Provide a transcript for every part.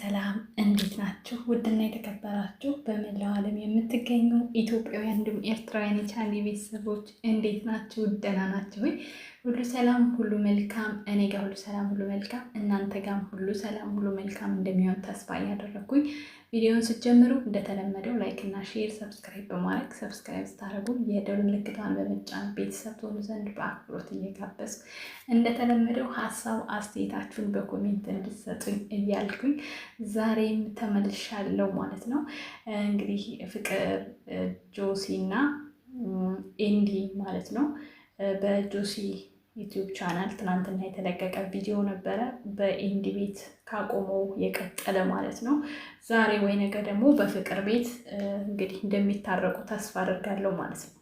ሰላም እንዴት ናችሁ? ውድና የተከበራችሁ በመላው ዓለም የምትገኙ ኢትዮጵያውያን እንዲሁም ኤርትራውያን የቻኔ ቤተሰቦች እንዴት ናችሁ? ደህና ናችሁ ሁሉ ሰላም ሁሉ መልካም፣ እኔ ጋር ሁሉ ሰላም ሁሉ መልካም፣ እናንተ ጋርም ሁሉ ሰላም ሁሉ መልካም እንደሚሆን ተስፋ እያደረግኩኝ ቪዲዮን ስትጀምሩ እንደተለመደው ላይክ እና ሼር፣ ሰብስክራይብ በማድረግ ሰብስክራይብ ስታደርጉ የደወል ምልክቷን በመጫን ቤተሰብ ትሆኑ ዘንድ በአክብሮት እየጋበዝኩ እንደተለመደው ሀሳብ አስተያየታችሁን በኮሜንት እንድትሰጡኝ እያልኩኝ ዛሬም ተመልሻለሁ ማለት ነው። እንግዲህ ፍቅር ጆሲ እና ኤንዲ ማለት ነው በጆሲ ዩቲዩብ ቻናል ትናንትና የተለቀቀ ቪዲዮ ነበረ። በኢንዲ ቤት ካቆመው የቀጠለ ማለት ነው። ዛሬ ወይ ነገ ደግሞ በፍቅር ቤት እንግዲህ እንደሚታረቁ ተስፋ አድርጋለሁ ማለት ነው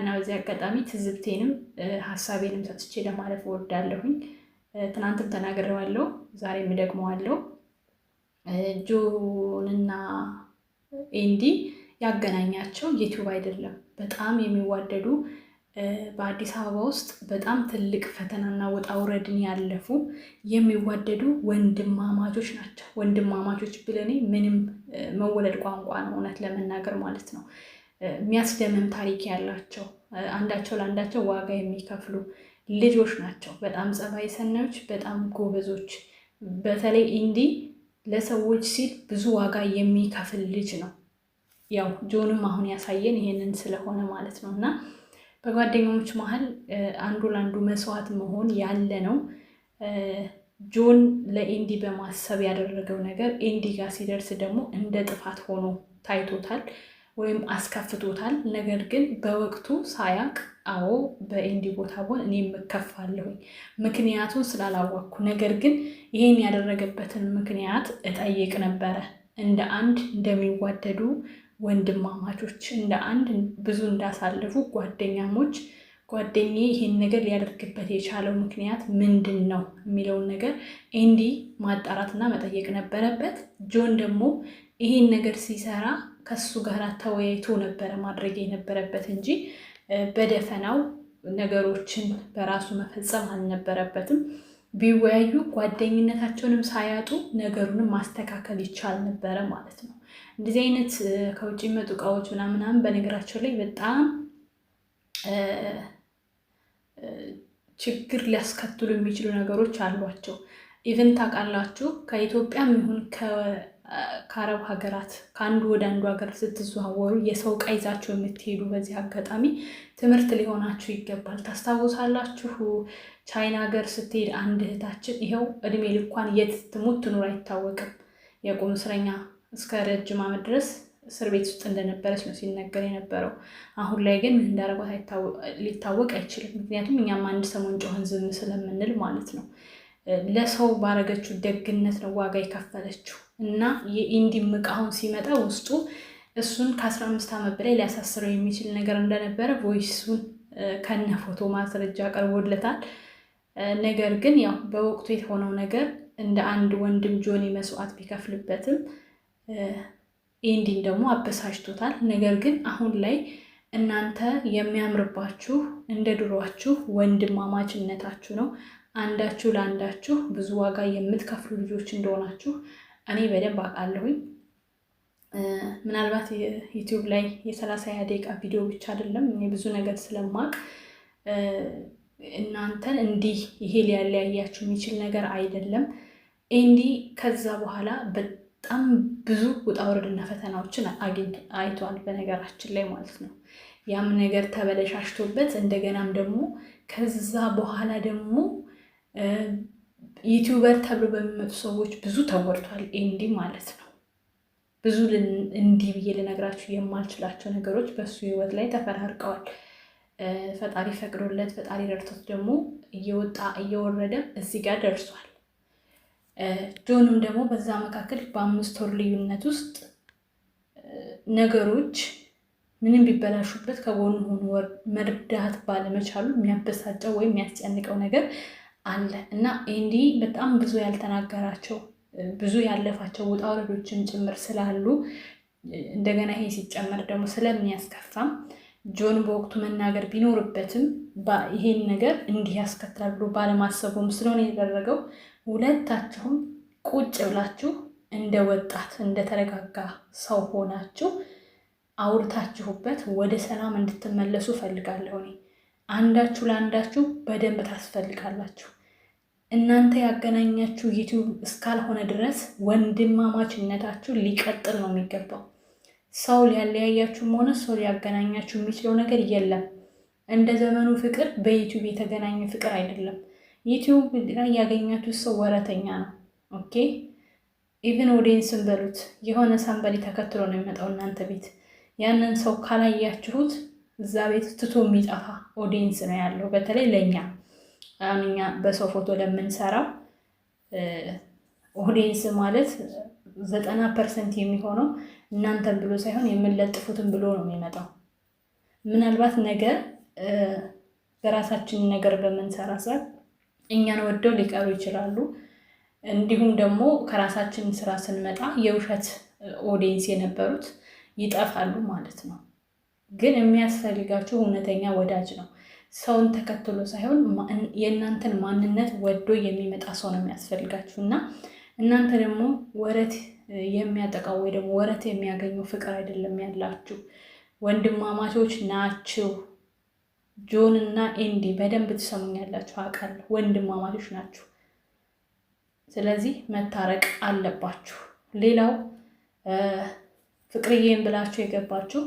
እና በዚህ አጋጣሚ ትዝብቴንም ሀሳቤንም ሰጥቼ ለማለፍ እወዳለሁኝ። ትናንትም ተናግሬዋለሁ፣ ዛሬም ደግመዋለሁ። ጆንና ኤንዲ ያገናኛቸው ዩቲዩብ አይደለም። በጣም የሚዋደዱ በአዲስ አበባ ውስጥ በጣም ትልቅ ፈተናና ወጣ ውረድን ያለፉ የሚዋደዱ ወንድማማቾች ናቸው። ወንድማማቾች ብለኔ ምንም መወለድ ቋንቋ ነው፣ እውነት ለመናገር ማለት ነው። የሚያስደምም ታሪክ ያላቸው አንዳቸው ለአንዳቸው ዋጋ የሚከፍሉ ልጆች ናቸው። በጣም ጸባይ ሰናዮች፣ በጣም ጎበዞች። በተለይ ኢንዲ ለሰዎች ሲል ብዙ ዋጋ የሚከፍል ልጅ ነው። ያው ጆንም አሁን ያሳየን ይሄንን ስለሆነ ማለት ነው እና በጓደኞች መሀል አንዱ ለአንዱ መስዋዕት መሆን ያለ ነው። ጆን ለኤንዲ በማሰብ ያደረገው ነገር ኤንዲ ጋር ሲደርስ ደግሞ እንደ ጥፋት ሆኖ ታይቶታል ወይም አስከፍቶታል። ነገር ግን በወቅቱ ሳያቅ አዎ በኤንዲ ቦታ ሆን እኔ የምከፋለሁኝ ምክንያቱን ስላላወቅኩ፣ ነገር ግን ይሄን ያደረገበትን ምክንያት እጠይቅ ነበረ እንደ አንድ እንደሚዋደዱ ወንድማማቾች እንደ አንድ ብዙ እንዳሳለፉ ጓደኛሞች ጓደኛ ይህን ነገር ሊያደርግበት የቻለው ምክንያት ምንድን ነው የሚለውን ነገር ኤንዲ ማጣራትና መጠየቅ ነበረበት። ጆን ደግሞ ይህን ነገር ሲሰራ ከሱ ጋር ተወያይቶ ነበረ ማድረግ የነበረበት እንጂ በደፈናው ነገሮችን በራሱ መፈጸም አልነበረበትም። ቢወያዩ ጓደኝነታቸውንም ሳያጡ ነገሩንም ማስተካከል ይቻል ነበረ ማለት ነው። እንደዚህ አይነት ከውጭ የሚመጡ እቃዎች ምናምናም በነገራቸው ላይ በጣም ችግር ሊያስከትሉ የሚችሉ ነገሮች አሏቸው። ኢቨን ታውቃላችሁ፣ ከኢትዮጵያም ይሁን ከአረብ ሀገራት ከአንዱ ወደ አንዱ ሀገር ስትዘዋወሩ የሰው ቀይዛቸው ይዛችሁ የምትሄዱ በዚህ አጋጣሚ ትምህርት ሊሆናችሁ ይገባል። ታስታውሳላችሁ፣ ቻይና ሀገር ስትሄድ አንድ እህታችን ይኸው እድሜ ልኳን የት ትሙት ትኑር አይታወቅም የቁም እስረኛ እስከ ረጅም ዓመት ድረስ እስር ቤት ውስጥ እንደነበረች ነው ሲነገር የነበረው። አሁን ላይ ግን ምን እንዳረጓት ሊታወቅ አይችልም። ምክንያቱም እኛም አንድ ሰሞን ጮኸን ዝም ስለምንል ማለት ነው። ለሰው ባረገችው ደግነት ነው ዋጋ የከፈለችው እና የኢንዲም ዕቃ ሲመጣ ውስጡ እሱን ከአስራ አምስት ዓመት በላይ ሊያሳስረው የሚችል ነገር እንደነበረ ቮይሱን ከነ ፎቶ ማስረጃ ቀርቦለታል። ነገር ግን ያው በወቅቱ የሆነው ነገር እንደ አንድ ወንድም ጆኒ መስዋዕት ቢከፍልበትም ኤንዲን ደግሞ አበሳጭቶታል። ነገር ግን አሁን ላይ እናንተ የሚያምርባችሁ እንደ ድሯችሁ ወንድማማችነታችሁ ነው። አንዳችሁ ለአንዳችሁ ብዙ ዋጋ የምትከፍሉ ልጆች እንደሆናችሁ እኔ በደንብ አውቃለሁኝ። ምናልባት ዩቲዩብ ላይ የሰላሳ ያደቃ ቪዲዮ ብቻ አይደለም እኔ ብዙ ነገር ስለማቅ እናንተን እንዲህ ይሄ ሊያለያያችሁ የሚችል ነገር አይደለም። ኤንዲ ከዛ በኋላ በጣም ብዙ ውጣ ውረድና ፈተናዎችን አይቷል። በነገራችን ላይ ማለት ነው ያም ነገር ተበለሻሽቶበት እንደገናም ደግሞ ከዛ በኋላ ደግሞ ዩቲዩበር ተብሎ በሚመጡ ሰዎች ብዙ ተወርቷል። ኤንዲ ማለት ነው ብዙ እንዲህ ብዬ ልነግራችሁ የማልችላቸው ነገሮች በሱ ህይወት ላይ ተፈራርቀዋል። ፈጣሪ ፈቅዶለት ፈጣሪ ረድቶት ደግሞ እየወጣ እየወረደ እዚህ ጋር ደርሷል። ጆንም ደግሞ በዛ መካከል በአምስት ወር ልዩነት ውስጥ ነገሮች ምንም ቢበላሹበት ከጎኑ ሆኖ መርዳት ባለመቻሉ የሚያበሳጨው ወይም የሚያስጨንቀው ነገር አለ እና ኤንዲ በጣም ብዙ ያልተናገራቸው ብዙ ያለፋቸው ውጣ ወረዶችን ጭምር ስላሉ እንደገና ይሄ ሲጨመር ደግሞ ስለሚያስከፋም ጆን በወቅቱ መናገር ቢኖርበትም ይሄን ነገር እንዲህ ያስከትላል ብሎ ባለማሰቡም ስለሆነ የተደረገው ሁለታችሁም ቁጭ ብላችሁ እንደ ወጣት እንደተረጋጋ ሰው ሆናችሁ አውርታችሁበት ወደ ሰላም እንድትመለሱ እፈልጋለሁ። እኔ አንዳችሁ ለአንዳችሁ በደንብ ታስፈልጋላችሁ። እናንተ ያገናኛችሁ ዩቲዩብ እስካልሆነ ድረስ ወንድማማችነታችሁ ሊቀጥል ነው የሚገባው። ሰው ሊያለያያችሁም ሆነ ሰው ሊያገናኛችሁ የሚችለው ነገር የለም። እንደ ዘመኑ ፍቅር በዩቲዩብ የተገናኘ ፍቅር አይደለም። ዩቲዩብ ላይ ያገኛችሁ ሰው ወረተኛ ነው። ኦኬ ኢቭን ኦዲየንስን በሉት የሆነ ሳምበሊ ተከትሎ ነው የሚመጣው እናንተ ቤት። ያንን ሰው ካላያችሁት እዛ ቤት ትቶ የሚጠፋ ኦዲንስ ነው ያለው። በተለይ ለእኛ አሁን እኛ በሰው ፎቶ ለምንሰራው ኦዲንስ ማለት ዘጠና ፐርሰንት የሚሆነው እናንተን ብሎ ሳይሆን የምንለጥፉትን ብሎ ነው የሚመጣው። ምናልባት ነገ በራሳችን ነገር በምንሰራ ሰዓት እኛን ወደው ሊቀሩ ይችላሉ። እንዲሁም ደግሞ ከራሳችን ስራ ስንመጣ የውሸት ኦዲየንስ የነበሩት ይጠፋሉ ማለት ነው። ግን የሚያስፈልጋቸው እውነተኛ ወዳጅ ነው። ሰውን ተከትሎ ሳይሆን የእናንተን ማንነት ወዶ የሚመጣ ሰው ነው የሚያስፈልጋችሁ እና እናንተ ደግሞ ወረት የሚያጠቃው ወይ ደግሞ ወረት የሚያገኘው ፍቅር አይደለም ያላችሁ ወንድማማቾች ናችሁ። ጆን እና ኤንዲ በደንብ ትሰሙኛላችሁ፣ አውቃለሁ። ወንድማማቾች ናችሁ። ስለዚህ መታረቅ አለባችሁ። ሌላው ፍቅርዬን ብላችሁ የገባችሁ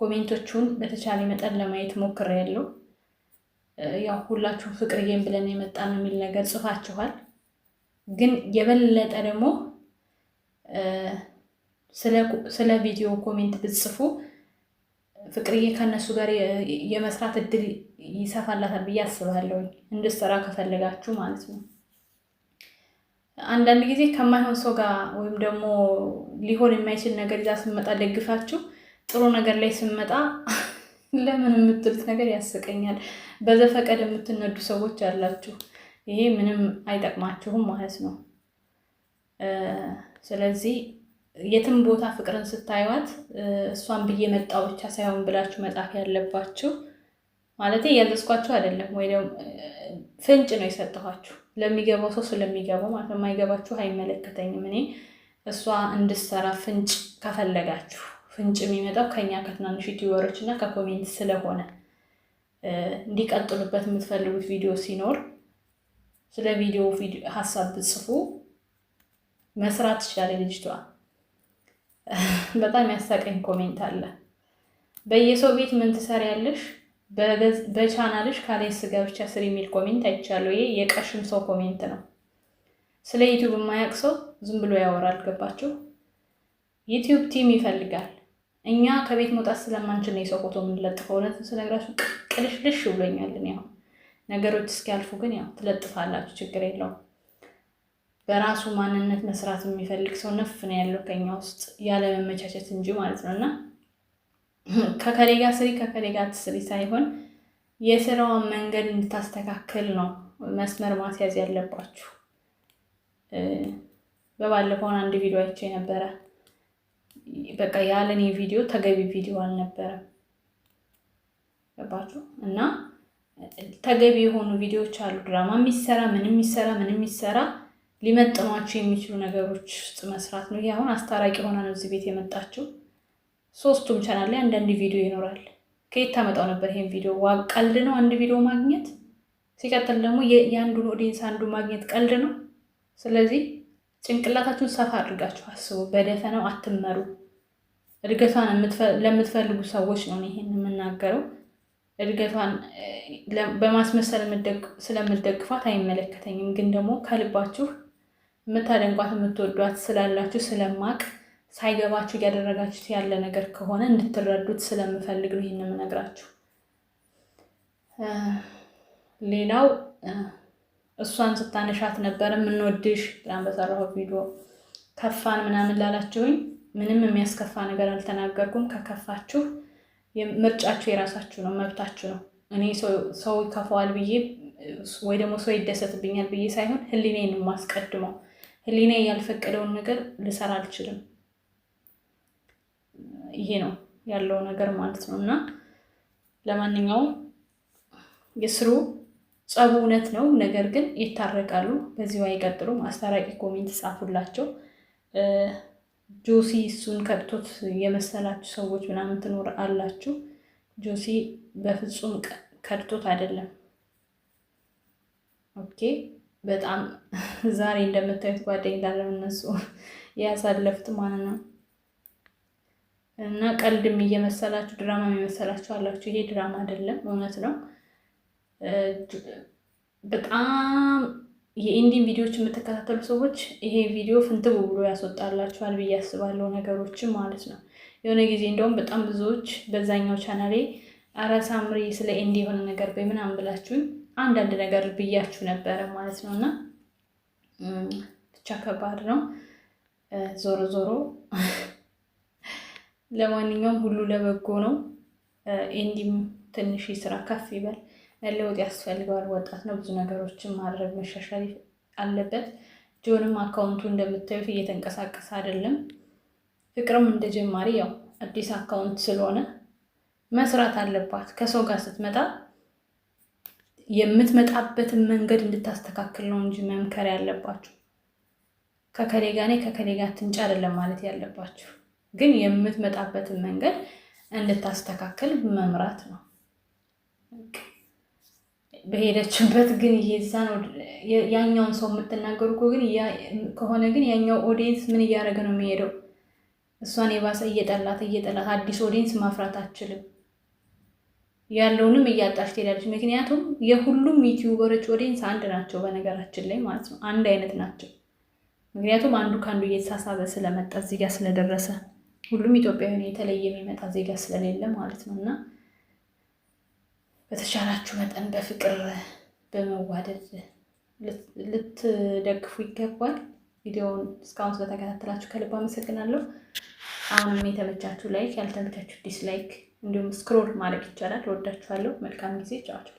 ኮሜንቶቹን በተቻለ መጠን ለማየት ሞክሬያለሁ። ያው ሁላችሁም ፍቅርዬን ብለን የመጣን የሚል ነገር ጽፋችኋል። ግን የበለጠ ደግሞ ስለ ቪዲዮ ኮሜንት ብትጽፉ ፍቅርዬ ከእነሱ ጋር የመስራት እድል ይሰፋላታል ብዬ አስባለሁ። እንድትሰራ ከፈለጋችሁ ማለት ነው። አንዳንድ ጊዜ ከማይሆን ሰው ጋር ወይም ደግሞ ሊሆን የማይችል ነገር ይዛ ስመጣ ደግፋችሁ ጥሩ ነገር ላይ ስመጣ ለምን የምትሉት ነገር ያስቀኛል። በዘፈቀድ የምትነዱ ሰዎች አላችሁ። ይሄ ምንም አይጠቅማችሁም ማለት ነው። ስለዚህ የትም ቦታ ፍቅርን ስታዩት እሷን ብዬ መጣ ብቻ ሳይሆን ብላችሁ መጻፍ ያለባችሁ። ማለት እያዘዝኳችሁ አይደለም ወይ ፍንጭ ነው የሰጠኋችሁ ለሚገባው ሰው ስለሚገባው ማለት የማይገባችሁ አይመለከተኝም። እኔ እሷ እንድሰራ ፍንጭ ከፈለጋችሁ ፍንጭ የሚመጣው ከኛ ከትናንሽ ዩቲዩበሮች እና ከኮሜንት ስለሆነ እንዲቀጥሉበት የምትፈልጉት ቪዲዮ ሲኖር ስለ ቪዲዮ ሀሳብ ብጽፉ መስራት ትችላለች ልጅቷ። በጣም ያሳቀኝ ኮሜንት አለ። በየሰው ቤት ምን ትሰሪያለሽ? በቻናልሽ ካላይ ስጋ ብቻ ስር የሚል ኮሜንት አይቻለሁ። ይሄ የቀሽም ሰው ኮሜንት ነው። ስለ ዩቲዩብ የማያውቅ ሰው ዝም ብሎ ያወራል። ገባችሁ? ዩቲዩብ ቲም ይፈልጋል። እኛ ከቤት መውጣት ስለማንችል ነው የሰው ፎቶ የምንለጥፈው። እውነት ስነግራችሁ ቅልሽልሽ ብሎኛል። ያው ነገሮች እስኪያልፉ ግን ያው ትለጥፋላችሁ፣ ችግር የለውም። በራሱ ማንነት መስራት የሚፈልግ ሰው ነፍ ነው ያለው ከኛ ውስጥ ያለ መመቻቸት እንጂ ማለት ነው። እና ከከሌ ጋር ስሪ ከከሌ ጋር ትስሪ ሳይሆን የስራዋን መንገድ እንድታስተካክል ነው መስመር ማስያዝ ያለባችሁ። በባለፈውን አንድ ቪዲዮ አይቼ ነበረ። በቃ ያለኔ ቪዲዮ ተገቢ ቪዲዮ አልነበረም። ገባችሁ? እና ተገቢ የሆኑ ቪዲዮዎች አሉ። ድራማ የሚሰራ ምንም የሚሰራ ምንም የሚሰራ ሊመጥኗቸው የሚችሉ ነገሮች ውስጥ መስራት ነው። ይህ አሁን አስታራቂ ሆና ነው እዚህ ቤት የመጣችው። ሶስቱም ቻናል ላይ አንዳንድ ቪዲዮ ይኖራል። ከየት ታመጣው ነበር ይሄን ቪዲዮ? ቀልድ ነው አንድ ቪዲዮ ማግኘት። ሲቀጥል ደግሞ የአንዱን ኦዲንስ አንዱ ማግኘት ቀልድ ነው። ስለዚህ ጭንቅላታችሁን ሰፋ አድርጋችሁ አስቡ። በደፈነው አትመሩ። እድገቷን ለምትፈልጉ ሰዎች ነው ይሄን የምናገረው። እድገቷን በማስመሰል ስለምደግፏት አይመለከተኝም፣ ግን ደግሞ ከልባችሁ የምታደንቋት የምትወዷት ስላላችሁ ስለማቅ ሳይገባችሁ እያደረጋችሁት ያለ ነገር ከሆነ እንድትረዱት ስለምፈልግ ነው ይህን የምነግራችሁ። ሌላው እሷን ስታነሻት ነበረ የምንወድሽ ላም በሰራሁት ቪዲዮ ከፋን ምናምን ላላችሁኝ ምንም የሚያስከፋ ነገር አልተናገርኩም። ከከፋችሁ ምርጫችሁ የራሳችሁ ነው፣ መብታችሁ ነው። እኔ ሰው ይከፋዋል ብዬ ወይ ደግሞ ሰው ይደሰትብኛል ብዬ ሳይሆን ሕሊኔን ነው የማስቀድመው። ህሊና ያልፈቀደውን ነገር ልሰራ አልችልም። ይሄ ነው ያለው ነገር ማለት ነው። እና ለማንኛውም የስሩ ጸቡ እውነት ነው፣ ነገር ግን ይታረቃሉ። በዚሁ አይቀጥሉ። አስታራቂ ኮሜንት ጻፉላቸው። ጆሲ እሱን ከብቶት የመሰላችሁ ሰዎች ምናምን ትኖር አላችሁ። ጆሲ በፍጹም ከድቶት አይደለም። ኦኬ በጣም ዛሬ እንደምታዩት ጓደኛ ላለው እነሱ ያሳለፉት ማለት ነው። እና ቀልድም እየመሰላችሁ ድራማ የመሰላችሁ አላችሁ። ይሄ ድራማ አይደለም፣ እውነት ነው። በጣም የኢንዲን ቪዲዮዎች የምትከታተሉ ሰዎች ይሄ ቪዲዮ ፍንትቡ ብሎ ያስወጣላችኋል ብዬ አስባለሁ፣ ነገሮችን ማለት ነው። የሆነ ጊዜ እንደውም በጣም ብዙዎች በዛኛው ቻናሌ አረ ሳምሪ ስለ ኢንዲ የሆነ ነገር በይ ምናምን ብላችሁኝ አንዳንድ ነገር ብያችሁ ነበረ ማለት ነው። እና ብቻ ከባድ ነው። ዞሮ ዞሮ ለማንኛውም ሁሉ ለበጎ ነው። ኤንዲም ትንሽ ስራ ከፍ ይበል፣ ለውጥ ያስፈልገዋል። ወጣት ነው፣ ብዙ ነገሮችን ማድረግ መሻሻል አለበት። ጆንም አካውንቱ እንደምታዩት እየተንቀሳቀሰ አይደለም። ፍቅርም እንደ ጀማሪ ያው አዲስ አካውንት ስለሆነ መስራት አለባት። ከሰው ጋር ስትመጣ የምትመጣበትን መንገድ እንድታስተካክል ነው እንጂ መምከር ያለባችሁ ከከሌ ጋር ነኝ ከከሌ ጋር አትንጪ አይደለም ማለት ያለባችሁ፣ ግን የምትመጣበትን መንገድ እንድታስተካክል መምራት ነው። በሄደችበት ግን ይዛ ነው ያኛውን ሰው የምትናገሩ ግን ከሆነ ግን ያኛው ኦዲየንስ ምን እያደረገ ነው የሚሄደው? እሷን የባሰ እየጠላት እየጠላት አዲስ ኦዲየንስ ማፍራት አችልም። ያለውንም እያጣች ትሄዳለች። ምክንያቱም የሁሉም ዩቲዩበሮች ኦዲየንስ አንድ ናቸው፣ በነገራችን ላይ ማለት ነው። አንድ አይነት ናቸው። ምክንያቱም አንዱ ከአንዱ እየተሳሳበ ስለመጣ እዚህ ጋር ስለደረሰ ሁሉም ኢትዮጵያዊ የተለየ የሚመጣ ዜጋ ስለሌለ ማለት ነው። እና በተሻላችሁ መጠን በፍቅር በመዋደድ ልትደግፉ ይገባል። ቪዲዮውን እስካሁን ስለተከታተላችሁ ከልብ አመሰግናለሁ። አሁንም የተመቻችሁ ላይክ፣ ያልተመቻችሁ ዲስላይክ እንዲሁም ስክሮል ማድረግ ይቻላል። ወዳችኋለሁ። መልካም ጊዜ። ጫዋቸው